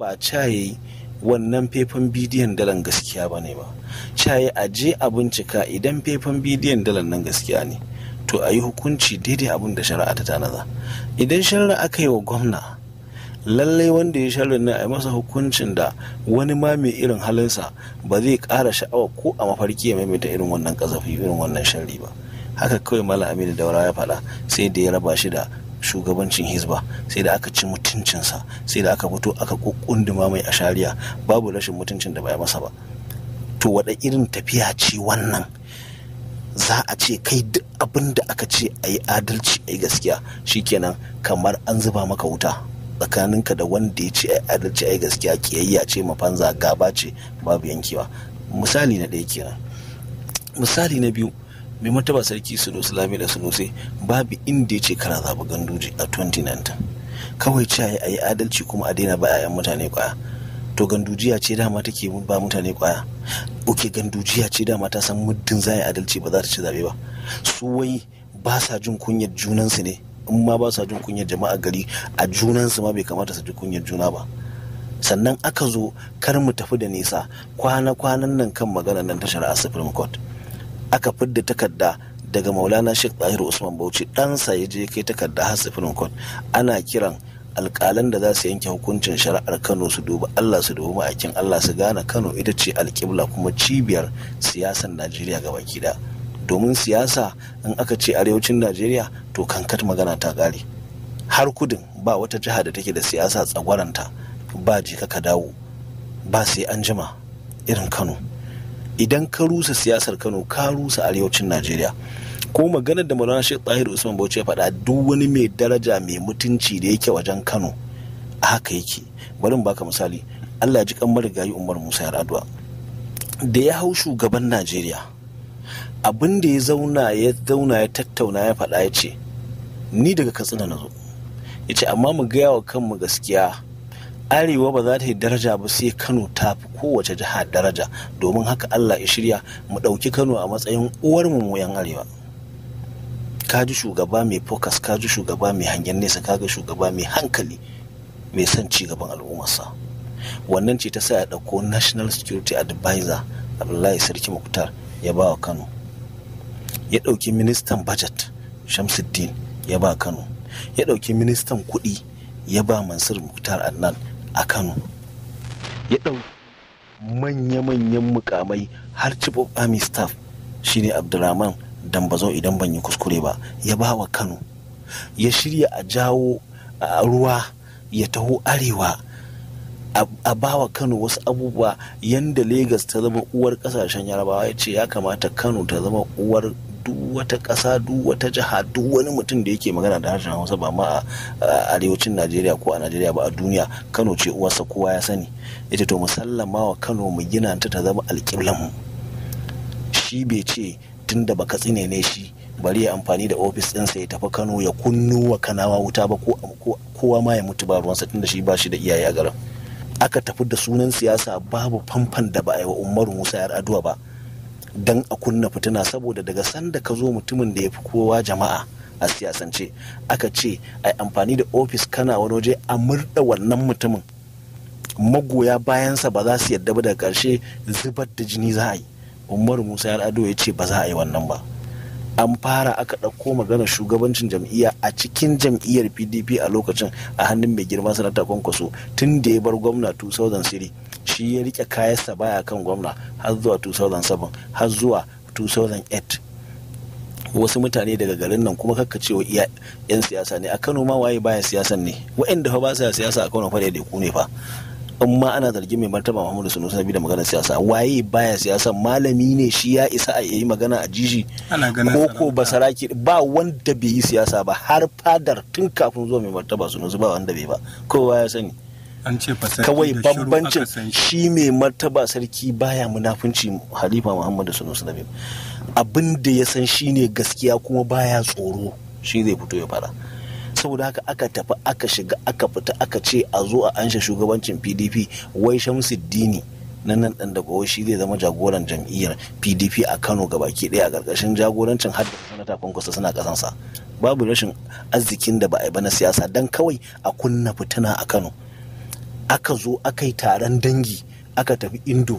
ba caye wannan faifan bidiyon dalan gaskiya ba ne ba caye a je a bincika idan faifan bidiyon dalan nan gaskiya ne to a yi hukunci daidai abin da shari'a ta tanada idan shari'a aka yi wa gwamna lallai wanda ya shari'a ne a masa hukuncin da wani ma mai irin halinsa ba zai ƙara sha'awa ko a mafarki ya maimaita irin wannan ƙazafi irin wannan shari'a ba haka kawai malam aminu daura ya faɗa sai da ya raba shi da shugabancin hizba sai da aka ci mutuncinsa sai da aka fito aka kukkunduma mai ashariya. babu rashin mutuncin da bai masa ba to wada irin tafiya ce wannan za a ce kai duk abin da aka ce a yi adalci a yi gaskiya shikenan kamar an zuba maka wuta tsakaninka da wanda ya ce a yi adalci a yi gaskiya kiyayya ce mafanza gaba ce babu yankewa misali na ɗaya kenan misali na biyu mai mataba sarki sunusi lami da sunusi babu inda ya ce kana zaɓi ganduji a 2019 kawai ce a yi adalci kuma a daina ba 'ya'yan mutane kwaya to gandujiya ce dama take ba mutane kwaya oke gandujiya ce dama ta san muddin za adalci ba za ta ci zaɓe ba su wai ba sa jin kunyar junansu ne in ma ba sa jin kunyar jama'a gari a junansu ma bai kamata su ji kunyar juna ba sannan aka zo kar mu tafi da nisa kwana-kwanan nan kan magana nan tashar a supreme court aka fidda takarda daga maulana shek ɗahiru usman bauchi ɗansa ya je kai takarda har supreme court ana kiran alƙalan da za su yanke hukuncin shari'ar kano su duba allah su dubi ma'aikin allah su gane kano ita ce alƙibla kuma cibiyar siyasar najeriya ga baki da domin siyasa in aka ce arewacin najeriya to kankat magana ta ƙare har kudin ba wata jiha da take da siyasa tsagwaranta ba je ka dawo ba sai an jima irin kano idan ka rusa siyasar kano ka rusa arewacin najeriya ko maganar da maulana shek tahir usman bauchi ya faɗa duk wani mai daraja mai mutunci da yake wajen kano a haka yake bari mu baka misali allah ji kan marigayi umar musa yar'adua da ya hau shugaban najeriya abin da ya zauna ya zauna ya tattauna ya faɗa ya ce ni daga katsina na zo ya ce amma mu gaya wa kanmu gaskiya arewa ba za ta yi daraja ba sai kano ta fi kowace jiha daraja domin haka allah ya shirya mu ɗauki kano a matsayin uwar mu yan arewa kaji shugaba mai focus kaji shugaba mai hangen nesa kaga shugaba mai hankali mai son ci gaban al'ummarsa wannan ce ta sa ya ɗauko national security advisor abdullahi sarki muktar ya ba wa kano ya ɗauki ministan budget shamsuddin ya ba kano ya ɗauki ministan kuɗi ya ba mansur muktar annan a kano ya ɗau manya-manyan mukamai har chief army staff shine abdulrahman dan bazo idan ban yi kuskure ba ya ba wa kano ya shirya a jawo ruwa ya taho arewa a ba wa kano wasu abubuwa yadda Legas ta zama uwar kasashen yarabawa ya ce ya kamata kano ta zama uwar duk wata ƙasa duk wata jiha duk wani mutum da yake magana da harshen hausa ba ma a arewacin najeriya ko a najeriya ba a duniya kano ce uwarsa kowa ya sani ita to musallama wa kano mu gina ta ta zama alƙiblan shi bai ce tun da baka tsine ne shi bari ya amfani da ofis ɗinsa ya tafi kano ya kunnu wa kanawa wuta ba ko kowa ma ya mutu ba ruwansa tun da shi ba shi da iyaye a garin aka tafi da sunan siyasa babu fanfan da ba a yi wa umaru musa yar aduwa ba don a kunna fituna saboda daga sanda ka zo mutumin da ya fi kowa jama'a a siyasance aka ce a yi amfani da ofis kana wani waje a murda wannan mutumin magoya bayansa ba za su yadda ba daga ƙarshe zubar da jini za a yi umaru musa ya ado ya ce ba za a yi wannan ba an fara aka ɗauko magana shugabancin jam'iyya a cikin jam'iyyar pdp a lokacin a hannun mai girma sanata kwankwaso tun da ya bar gwamna 2003 shi ya rike kayansa baya kan gwamna har zuwa 2007 har zuwa 2008 wasu mutane daga garin nan kuma kakka cewa iya yan siyasa ne a Kano ma waye baya siyasan ne waɗanda fa ba sa siyasa a Kano fa da ku ne fa in ma ana zargin mai martaba Muhammadu Sanusi sabbi da maganar siyasa waye baya siyasa malami ne shi ya isa a yi magana a jiji ko ko basaraki ba wanda bai yi siyasa ba har fadar tun kafin zuwa mai martaba Sanusi ba wanda bai ba kowa ya sani an ce kawai bambancin shi mai martaba sarki baya munafunci halifa muhammadu sanusi Abinda abin da ya san shi ne gaskiya kuma baya tsoro shi zai fito ya fara saboda haka aka tafi aka shiga aka fita aka ce a zo a anshe shugabancin pdp wai shamsuddini na nan ɗan daga shi zai zama jagoran jam'iyyar pdp a kano ga baki ɗaya a ƙarƙashin jagorancin har da sanata kwankwasa suna ƙasansa babu rashin arzikin da ba a yi ba na siyasa don kawai a kunna fitina a kano aka zo aka yi taron dangi aka tafi indo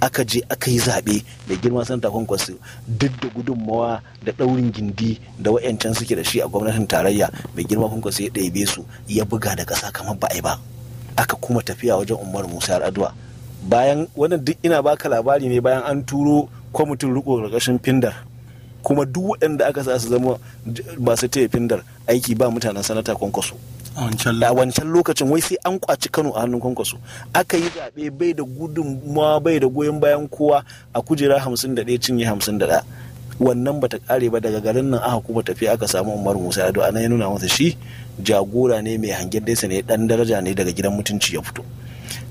aka je aka yi zaɓe da girma santa kwankwaso duk da gudunmawa da ɗaurin gindi da wa'yancan suke da shi a gwamnatin tarayya mai girma kwankwaso ya ɗaibe su ya buga da ƙasa kamar ba ba aka kuma tafiya wajen umar musa aduwa bayan wannan duk ina baka labari ne bayan an turo kwamitin riko ƙarƙashin findar kuma duk waɗanda aka sa su zama masu taya findar aiki ba mutanen sanata kwankwaso a wancan lokacin wai sai an kwaci kano a hannun kwankwaso aka yi zaɓe bai da gudunmawa bai da goyon bayan kowa a kujera 51 cinye 51 wannan bata kare ba daga garin nan aka kuma tafi aka samu Umar Musa Yado nan ya nuna masa shi jagora ne mai hangen daisa ne dan daraja ne daga gidan mutunci ya fito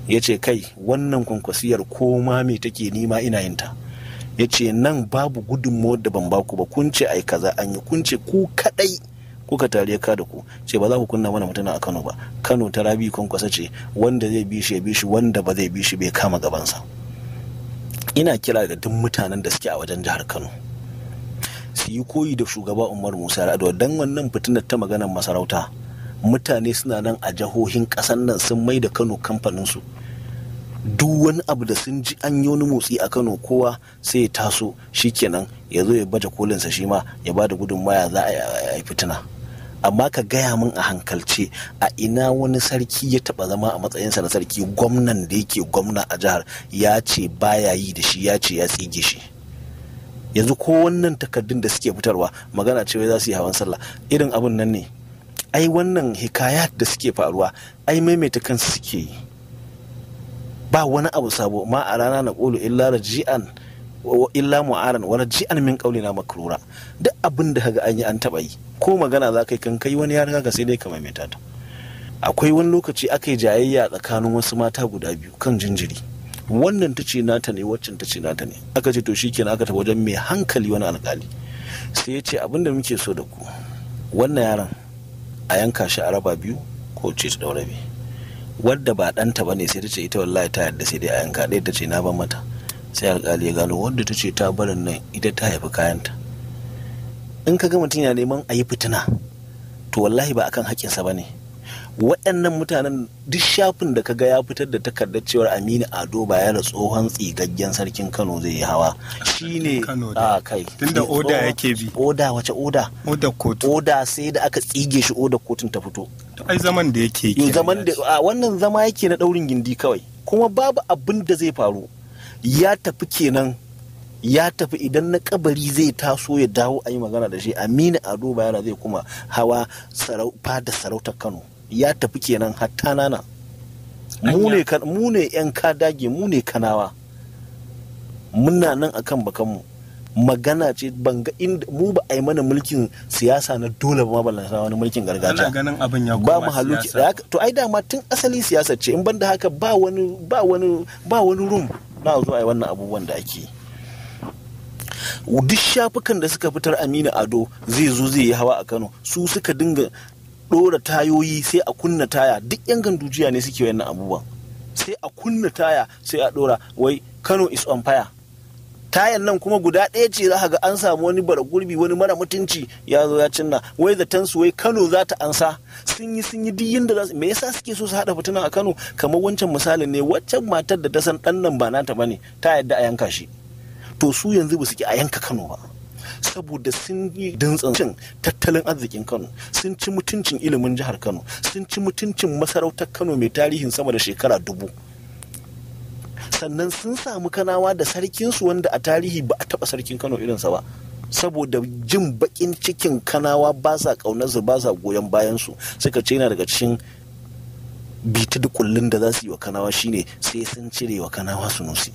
ya ce kai wannan kwankwasiyar koma me take nima ina yin ta ya ce nan babu gudunmawar da ban baku ba kun ce ai kaza an yi kun ce ku kadai kuka tare ka da ku ce ba za ku kunna mana mutuna a Kano ba Kano ta rabi kwankwasa ce wanda zai bi shi ya bi shi wanda ba zai bi shi bai kama gabansa ina kira ga duk mutanen da suke a wajen jihar Kano su yi koyi da shugaba Umar Musa Rado dan wannan fitinar ta maganar masarauta mutane suna nan a jihohin kasan nan sun mai da Kano kamfanin su duk wani abu da sun ji an yi wani motsi a kano kowa sai ya taso shikenan ya zo ya baje kolinsa shi ma ya ba da gudunmaya za a yi fitina amma ka gaya min a hankalce a ina wani sarki ya taba zama a matsayinsa na sarki gwamnan da yake gwamna a jihar ya ce baya yi da shi ya ce ya tsige shi yanzu ko wannan takardun da suke fitarwa magana cewa za su yi hawan sallah irin abin nan ne ai wannan hikaya da suke faruwa ai maimaita kansu suke yi ba wani abu sabo ma a rana na ƙulu illa raji'an illa mu'aran wala ji'an min na makrura duk abin da kaga an yi an taba yi ko magana za kai kan kai wani ya riga sai dai ka maimaita ta akwai wani lokaci aka yi jayayya tsakanin wasu mata guda biyu kan jinjiri wannan ta ce nata ne waccan ta ce nata ne aka ce to shikenan aka tafi wajen mai hankali wani alkali sai ya ce abin da muke so da ku wannan yaron a yanka shi a raba biyu ko ce ta daure wadda ba ɗanta ba ne sai ta ce ita wallahi ta yarda sai dai a yanka ɗaya ta ce na ban mata sai alkali ya gano wanda ta ce ta barin nan ita ta haifi kayanta in ka ga mutum yana neman a yi fitina to wallahi ba akan haƙƙinsa ba ne waɗannan mutanen duk shafin da ka ga ya fitar da takardar cewar aminu ado ba ya da tsohon tsigaggen sarkin kano zai yi hawa shi ne a kai tunda oda yake bi oda wace oda oda kotu oda sai da aka tsige shi oda kotun ta fito ai zaman da yake yi zaman da wannan zama yake na daurin gindi kawai kuma babu abin da zai faru ya tafi kenan ya tafi idan na kabari zai taso ya dawo a yi magana da shi a duba bayana zai kuma hawa fada sarautar kano ya tafi kenan hatta nana mu ne yan kadage mu ne kanawa muna nan akan bakanmu magana ce banga inda mu ba a yi mana mulkin siyasa na dole ba ballan sa wani mulkin gargajiya ganin abin ya ba mu haluki to ai dama tun asali siyasa ce in banda haka ba wani ba wani ba wani room na zuwa a yi wannan abubuwan da ake duk shafukan da suka fitar amina ado zai zo zai yi hawa a kano su suka dinga ɗora tayoyi sai a kunna taya duk yan gandujiya ne suke wannan abubuwan sai a kunna taya sai a ɗora wai kano is on fire tayan nan kuma guda ɗaya ce za ga an samu wani bara gurbi wani mara mutunci ya zo ya cinna wai zaton su wai Kano za ta ansa sun yi sun yi duk yinda za su me yasa suke so su haɗa fitina a Kano kamar wancan misalin ne waccan matar da ta san ɗan nan ba nata bane ta yadda a yanka shi to su yanzu ba su ki a yanka Kano ba saboda sun yi dantsan tattalin arzikin kano sun ci mutuncin ilimin jihar kano sun ci mutuncin masarautar kano mai tarihin sama da shekara dubu sannan sun samu kanawa da sarkinsu wanda a tarihi ba a taba sarkin kano irinsa ba saboda jin bakin cikin kanawa ba sa ƙaunarsu ba sa goyon bayansu suka ce yana daga cikin bita da kullun da za su yi wa kanawa shine sai sun cire wa kanawa nusi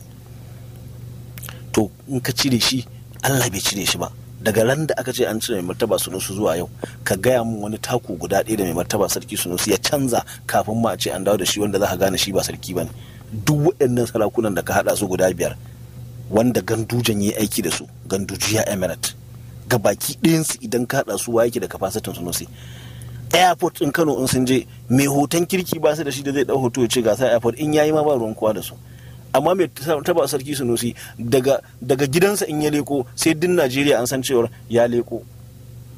to in ka cire shi allah bai cire shi ba daga ran da aka ce an cire mai martaba sunusu zuwa yau ka gaya mun wani taku guda ɗaya da mai martaba sarki sunusu ya canza kafin ma a ce an dawo da shi wanda za ka gane shi ba sarki ba ne duk waɗannan sarakunan da ka haɗa su guda biyar wanda gandujan ya aiki da su Ganduji ya emirate ga baki ɗayansu idan ka haɗa su yake da kafasitin su nosi airport in kano in sun je mai hoton kirki ba su da shi da zai ɗau hoto ya ce gasa airport in ya yayi ma ba ruwan kowa da su amma mai taba sarki sunusi daga daga gidansa in ya leko sai din najeriya an san cewar ya leko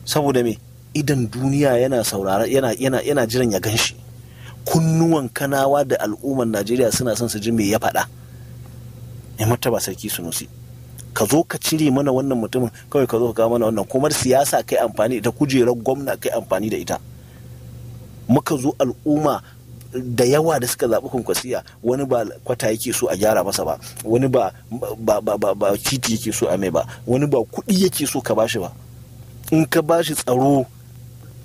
saboda me idan duniya yana saurara yana yana jiran ya gan shi kunnuwan kanawa da al'ummar najeriya suna son su ji me ya faɗa mata ba sarki su nusi ka zo ka cire mana wannan mutumin kawai ka zo ka kawo mana wannan kuma siyasa kai amfani da kujerar gwamna kai amfani da ita muka zo al'umma da yawa da suka zaɓi kwankwasiya wani ba kwata yake so a gyara masa ba wani ba ba titi yake so a mai ba wani ba kuɗi yake so ka bashi ba in ka bashi tsaro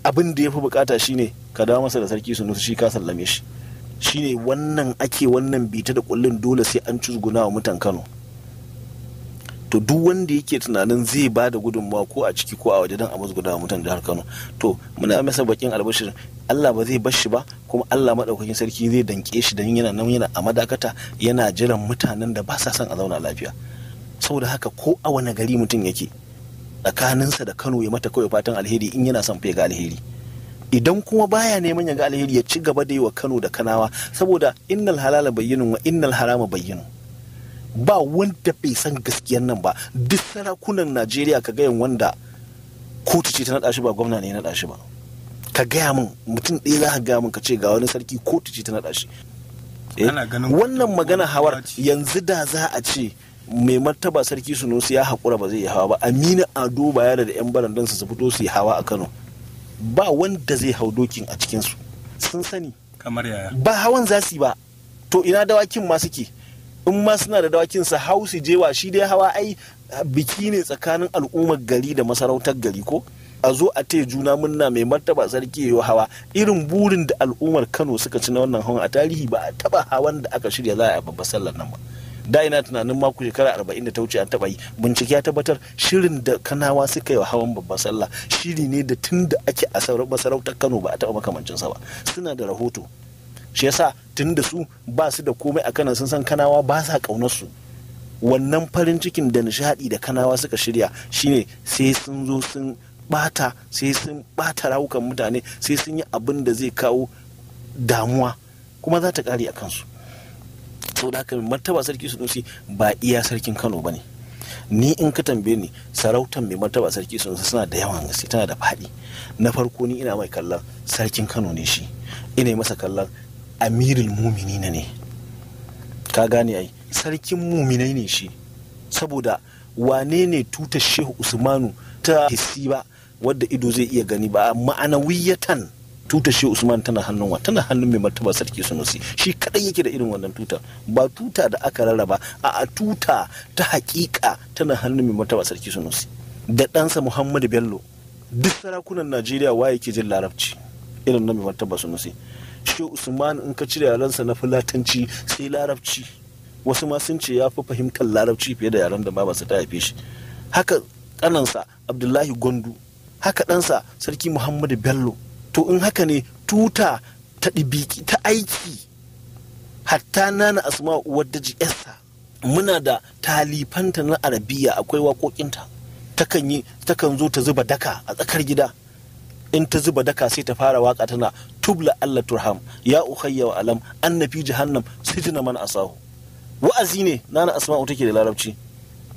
abin da ya fi bukata shine ka dawo masa da sarki sunusi shi ka sallame shi shi ne wannan ake wannan bita da kullun dole sai an cusguna wa mutan kano to duk wanda yake tunanin zai ba da gudunmawa ko a ciki ko a waje don a musguna wa mutan jihar kano to muna masa bakin albashir allah ba zai bashi ba kuma allah maɗaukakin sarki zai danke shi don yana nan yana a madakata yana jiran mutanen da ba sa son a zauna lafiya saboda haka ko a wani gari mutum yake tsakaninsa da kano ya mata kawai fatan alheri in yana son fai ga alheri idan kuma baya neman ya ga alheri ya ci gaba da yi wa Kano da Kanawa saboda innal halala bayyinun wa innal harama bayyinun ba wanda bai san gaskiyar nan ba duk sarakunan Najeriya ka gayan wanda kotu ce ta naɗa shi ba gwamna ne ya naɗa shi ba ka gaya min mutum ɗaya za ka gaya min ka ce ga wani sarki kotu ce ta naɗa shi eh, wannan magana hawar yanzu da za a ce mai martaba sarki sunusi ya haƙura ba zai yi hawa ba amina ado ba yara da yan barandansa su fito su yi hawa a kano ba wanda zai hau dokin a cikinsu sun sani kamar yaya ba hawan za ba to ina dawakin ma suke in ma suna da dawakin su hau su wa shi dai hawa ai biki ne tsakanin al'ummar gari da masarautar gari ko a zo a taya juna munna mai martaba sarki yayi hawa irin burin da al'ummar Kano suka ci na wannan hawan a tarihi ba a taba hawan da aka shirya za a babbar sallar nan ba da ina tunanin mako shekara arba'in da ta wuce an taɓa yi bincike ya tabbatar shirin da kanawa suka yi wa hawan babban sallah shiri ne da tun da ake a masarautar kano ba a taɓa makamancinsa ba suna da rahoto shi yasa tun da su ba su da komai a kanan sun san kanawa ba sa kaunar su wannan farin cikin da nishaɗi da kanawa suka shirya shine sai sun zo sun bata sai sun bata rawukan mutane sai sun yi abin da zai kawo damuwa kuma za ta kare a kansu da haka martaba sarki sunusi ba iya sarkin kano ba ne ni in ka tambaye ni sarautan mai martaba sarki sunusi suna da yawan gaske tana da faɗi na farko ni ina mai kallon sarkin kano ne shi ina yi masa kallon amirul na ne ka gane ai sarkin muminai ne shi saboda wane ne tutar shehu usmanu ta hissi ba wadda ido zai iya gani ba ma'anawiyatan tuta shi usman tana hannun wa tana hannun mai martaba sarki sunusi shi kadai yake da irin wannan tuta ba tuta da aka rarraba a a tuta ta hakika tana hannun mai martaba sarki sunusi da ɗansa muhammadu bello duk sarakunan najeriya wa yake jin larabci irin na mai martaba sunusi shi usman in ka cire yarensa na fulatanci sai larabci wasu ma sun ce ya fi fahimtar larabci fiye da yaren da babansa ta haife shi haka kanansa abdullahi gondu haka ɗansa sarki muhammadu bello to in haka ne tuta ta ɗibiki ta aiki hatta nana asma'u wadda jiyarsa muna da talifanta na arabiya akwai waƙoƙinta takan yi takan zo ta zuba daka a tsakar gida in ta zuba daka sai ta fara waka tana tubla allah turham ya uhayya wa alam annafi jahannam sijina man asahu wa'azi ne nana asma'u take da larabci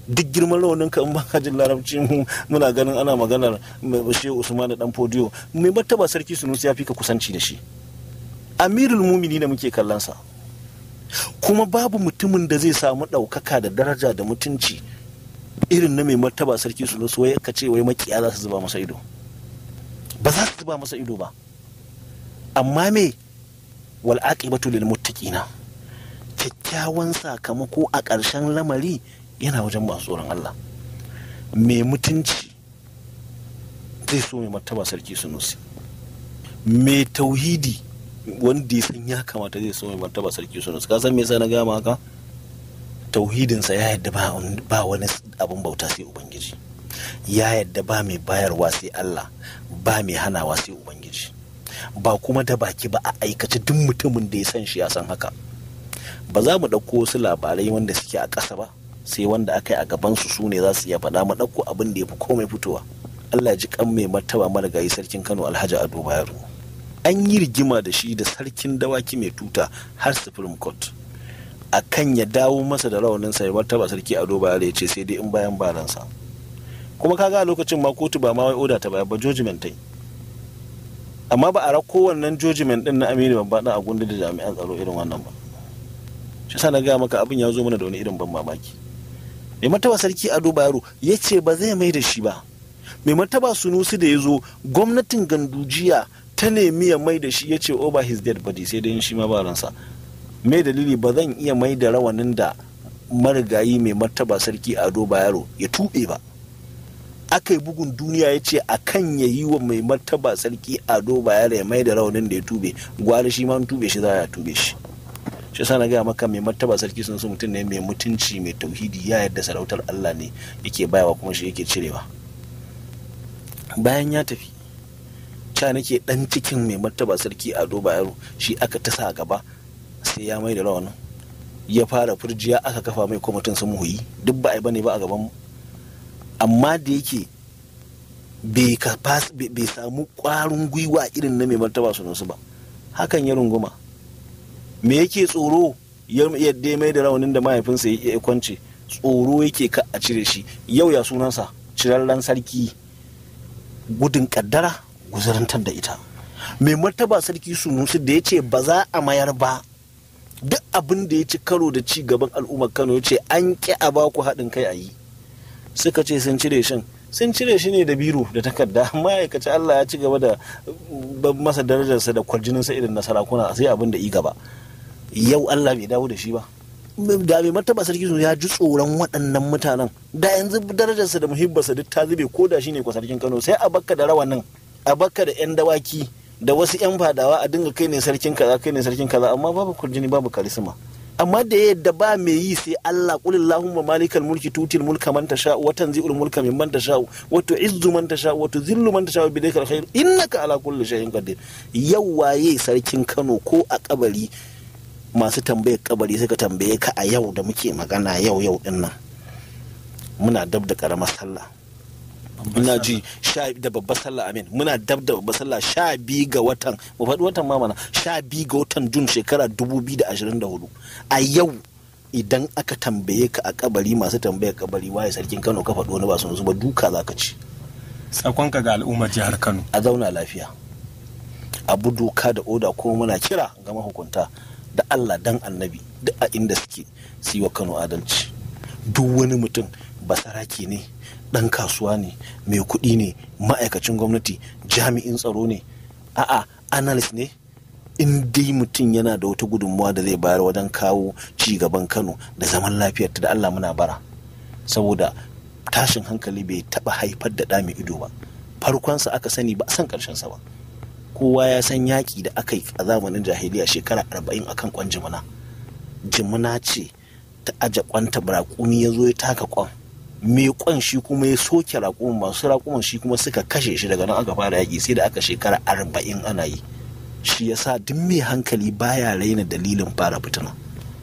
duk girman rawanin ka in ba ka larabci muna ganin ana maganar bashe usman da dan fodiyo mai martaba sarki sunusi ya fi ka kusanci da shi amirul mumini da muke kallon sa kuma babu mutumin da zai samu ɗaukaka da daraja da mutunci irin na mai martaba sarki sunusi wai ka ce wai makiya za su zuba masa ido ba za su zuba masa ido ba amma me wal aqibatu lil muttaqina kyakkyawan sakamako a ƙarshen lamari yana wajen masu tsoron Allah mai mutunci zai so mai martaba sarki sunusi mai tauhidi wanda ya san ya kamata zai so mai martaba sarki sunusi ka Kasan, me yasa na gama haka tauhidinsa ya yadda ba wani abin bauta sai ubangiji ya yadda ba mai bayarwa sai Allah ba mai hanawa sai ubangiji ba kuma da baki ba a aikace duk mutumin da ya san shi ya san haka ba za mu ɗauko wasu labarai wanda suke a ƙasa ba sai wanda aka yi a gabansu su ne za su iya faɗa mu abin da ya fi komai fitowa Allah ji kan mai martaba marigayi sarkin Kano Alhaji Ado Bayero an yi rigima da shi da sarkin dawaki mai tuta har Supreme Court a kan ya dawo masa da rawanin sa martaba sarki Ado Bayero ya ce sai dai in bayan baransa kuma kaga a lokacin ma kotu ba ma wai oda ta baya ba judgment ta amma ba a ra kowannan judgment din na Aminu Babba a gundun da jami'an tsaro irin wannan ba shi sa na gaya maka abin ya zo mana da wani irin ban mamaki mai mataba sarki ado bayero ya ce ba zai mai da shi ba mai mataba sunusi da ya zo gwamnatin gandujiya ta nemi ya mai da shi ya ce over his dead body sai dai shi ma ba ransa mai dalili ba zan iya mai da rawanin da marigayi mai martaba sarki ado bayero ya tuɓe ba aka yi bugun duniya ya ce a kan ya yi wa mai martaba sarki ado bayero ya mai da rawanin da ya tube gwari shi ma tube shi za a tuɓe shi shi yasa na gaya maka mai martaba sarki sun so mutum ne mai mutunci mai tauhidi ya yadda sarautar Allah ne yake bayawa kuma shi yake cirewa bayan ya tafi ca nake dan cikin mai martaba sarki a doba yaro shi aka tasa gaba sai ya mai da rawanin ya fara furjiya aka kafa mai mutum sun muhuyi duk ba a yi bane ba a gaban mu amma da yake bai samu kwarin gwiwa irin na mai martaba sunansu ba hakan ya runguma me yake tsoro yadda mai da raunin da mahaifinsa ya kwance tsoro yake ka a cire shi yau ya sunansa cirarren sarki gudun kaddara guzurantar da ita mai martaba sarki sunusi da ya ce ba za a mayar ba duk abin da ya ci karo da ci gaban al'ummar kano ya ce an ƙi a baku haɗin kai a yi suka ce sun cire shin sun cire shi ne da biro da takarda ma'aikaci allah ya ci gaba da mm, masa darajarsa da kwarjininsa irin na sarakuna sai abin da i gaba yau Allah bai dawo da shi ba da mai martaba sarki su ya ji tsoron waɗannan mutanen da yanzu darajarsa da muhibbarsa duk ta zube ko da shi ne kwa sarkin Kano sai a bakka da rawanin a bakka da yan dawaki da wasu yan fadawa a dinga kai ne sarkin kaza kai ne sarkin kaza amma babu kurjini babu karisma amma da yadda ba mai yi sai Allah qul allahumma malikal mulki tutil mulka man tasha wa tanzi'ul mulka mimman tasha wa tu'izzu man tasha wa tuzillu man tasha bi dhaikal khair innaka ala kulli shay'in qadir yau waye sarkin Kano ko a kabari masu tambayar kabari suka tambaye ka a yau da muke magana yau yau din nan muna dab da karamar sallah muna ji sha da babbar sallah amin muna dab da babbar sallah sha biyu ga watan mu faɗi watan ma mana sha biyu ga watan jun shekara dubu biyu da ashirin da hudu a yau idan aka tambaye ka a kabari masu tambayar kabari waye sarkin kano ka faɗi wani ba sun zuba duka za ka ci tsakonka ga al'ummar jihar kano a zauna lafiya abu doka da oda kuma muna kira ga mahukunta da Allah dan annabi duk a inda suke su yi wa Kano adalci duk wani mutum saraki ne dan kasuwa ne mai kuɗi ne ma'aikacin gwamnati jami'in tsaro ne a'a analyst ne in dai mutum yana da wata gudunmuwa da zai bayar wajen kawo ci gaban kano da zaman lafiyar da allah muna bara saboda tashin hankali bai taɓa haifar da ɗa ido ba farkonsa aka sani ba a san sa ba kowa ya san yaƙi da aka yi a zamanin jahiliya shekara arba'in a kan kwan jimina jimina ce ta aje kwanta raƙumi ya zo ya taka kwan me kwan shi kuma ya soke raƙumin masu raƙumin shi kuma suka kashe shi daga nan aka fara yaƙi sai da aka shekara arba'in ana yi shi yasa duk mai hankali baya raina dalilin fara fitina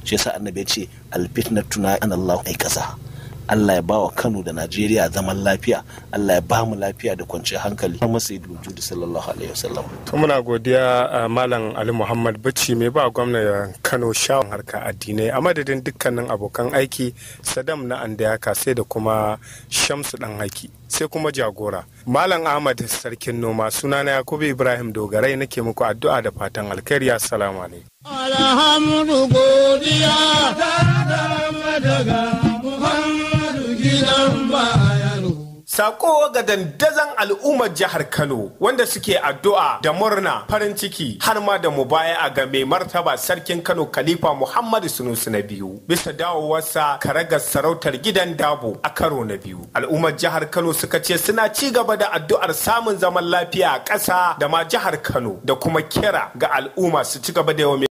shi yasa annabi ya ce alfitnatuna allahu ai kasa Allah ya ba wa Kano da Najeriya zaman lafiya Allah ya ba mu lafiya da kwanciyar hankali kuma sai da sallallahu alaihi wasallam to muna godiya malam Ali Muhammad Bacci mai ba gwamnatin Kano shawon harka addinai a madadin dukkanin abokan aiki Sadam na Andayaka sai da kuma Shamsu dan haki sai kuma jagora malam Ahmad sarkin noma sunana Yakubu Ibrahim Dogarai nake muku addu'a da fatan alkhairi assalamu alaikum alhamdu Sako ga dandazon al'ummar jihar Kano wanda suke addu'a da murna farin ciki har ma da mubaya ga mai martaba sarkin Kano Khalifa Muhammadu Sunusu na biyu bisa dawowarsa karagar sarautar gidan dabo a karo na biyu. Al'ummar jihar Kano suka ce suna ci gaba da addu'ar samun zaman lafiya a ƙasa da ma jihar Kano da kuma kira ga al'umma su ci gaba da yawa